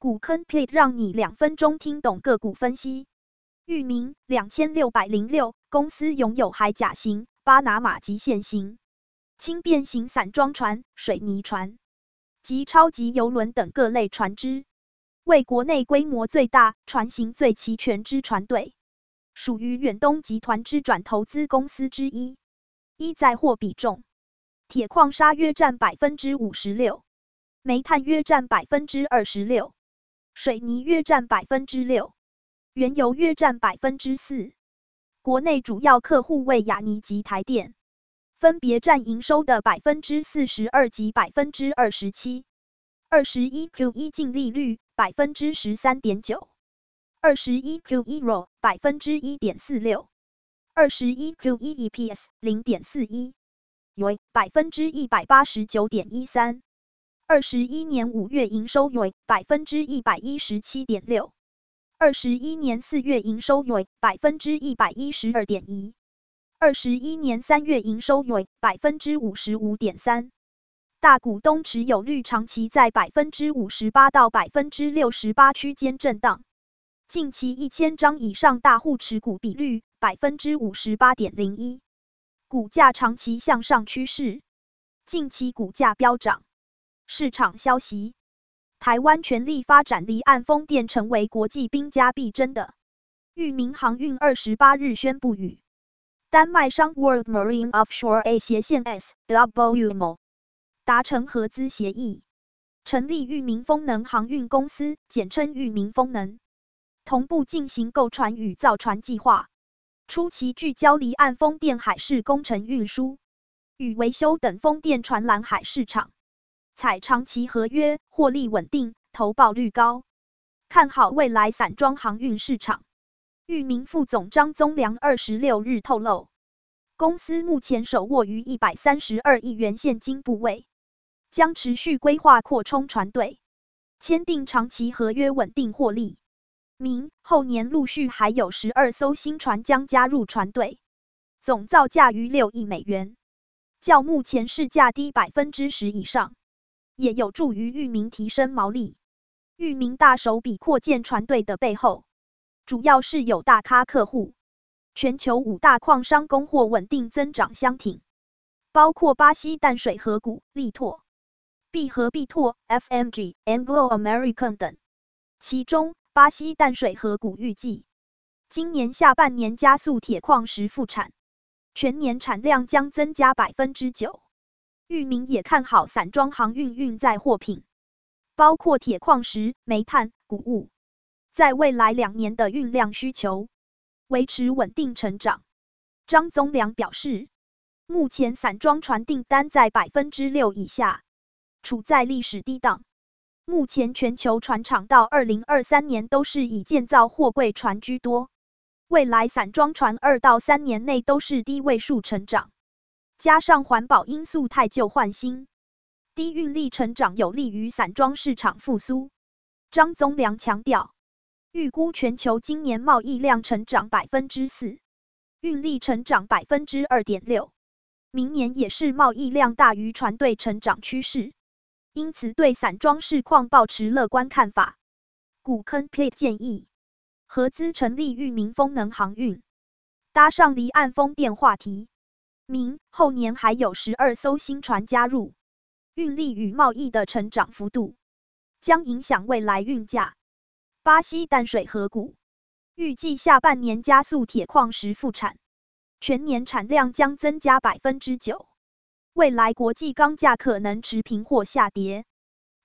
股坑 plate 讓你兩分鐘聽懂個股分析。裕民兩千六百零六公司擁有海岬型、巴拿馬極限型、輕便型散裝船、水泥船及超級油輪，等各類船只，為國內規模最大、船型最齊全之船隊，屬於遠東集團之轉投資公司之一。依載貨比重，鐵礦砂約佔百分之五十六，煤炭約佔百分之二十六。水泥約占百分之六，原油約占百分之四。國內主要客戶為亞泥及台電，分別占營收的百分之四十二及百分之二十七。二十一 Q 一淨利率百分之十三點九，二十一 Q 一 ROE 百分之一點四六，二十一 Q 一 EPS 零點四一，YoY 百分之一百八十九點一三。二十一年五月營收為百分之一百一十七點六，二十一年四月營收為百分之一百一十二點一，二十一年三月營收為百分之五十五點三。大股東持有率長期在百分之五十八到百分之六十八區間震盪，近期一千張以上大戶持股比率百分之五十八點零一，股價長期向上趨勢，近期股價飆漲。市場消息：台灣全力發展離岸風電，成為國際兵家必爭的。裕民航運二十八日宣布與丹麥商 World Marine Offshore A 斜線 S WMO 達成合資協議，成立裕民風能航運公司（簡稱裕民風能），同步進行購船與造船計劃，初期聚焦離岸風電海事工程運輸與維修等風電船藍海市場。採長期合約獲利穩定，投報率高，看好未來散裝航運市場。裕民副總張宗良二十六日透露，公司目前手握逾一百三十二億元現金部位，將持續規劃擴充船隊，簽訂長期合約穩定獲利。明後年陸續還有十二艘新船將加入船隊，總造價逾六億美元，較目前市價低百分之十以上。.也有助於裕民提升毛利。裕民大手筆擴建船隊的背後，主要是有大咖客戶。全球五大礦商供貨穩定增長相挺，包括巴西淡水河谷、力拓、必和必拓、FMG、Anglo American 等。其中，巴西淡水河谷預計今年下半年加速鐵礦石復產，全年產量將增加百分之九。裕民也看好散裝航運運載貨品，包括鐵礦石、煤炭、穀物，在未來兩年的運量需求維持穩定成長。張宗良表示，目前散裝船訂單在百分之六以下，處在歷史低檔。目前全球船廠到二零二三年都是以建造貨櫃船居多，未來散裝船二到三年內都是低位數成長。加上環保因素，汰舊換新，低運力成長有利於散裝市場復甦。張宗良強調，預估全球今年貿易量成長百分之四，運力成長百分之二點六，明年也是貿易量大於船隊成長趨勢，因此對散裝市況保持樂觀看法。股坑 plate 建議，合資成立裕民風能航運，搭上離岸風電話題。明後年還有十二艘新船加入，運力與貿易的成長幅度將影響未來運價。巴西淡水河谷預計下半年加速鐵礦石復產，全年產量將增加百分之九。未來國際鋼價可能持平或下跌。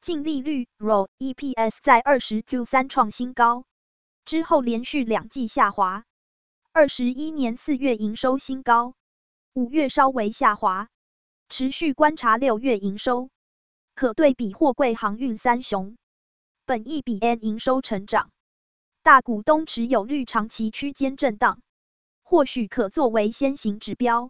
淨利率 ROE、EPS 在二十 Q 三創新高，之後連續兩季下滑。二十一年四月營收新高。五月稍微下滑，持續觀察六月營收，可對比貨櫃航運三雄，本益比 N 營收成長，大股東持有率長期區間震盪，或許可作為先行指標。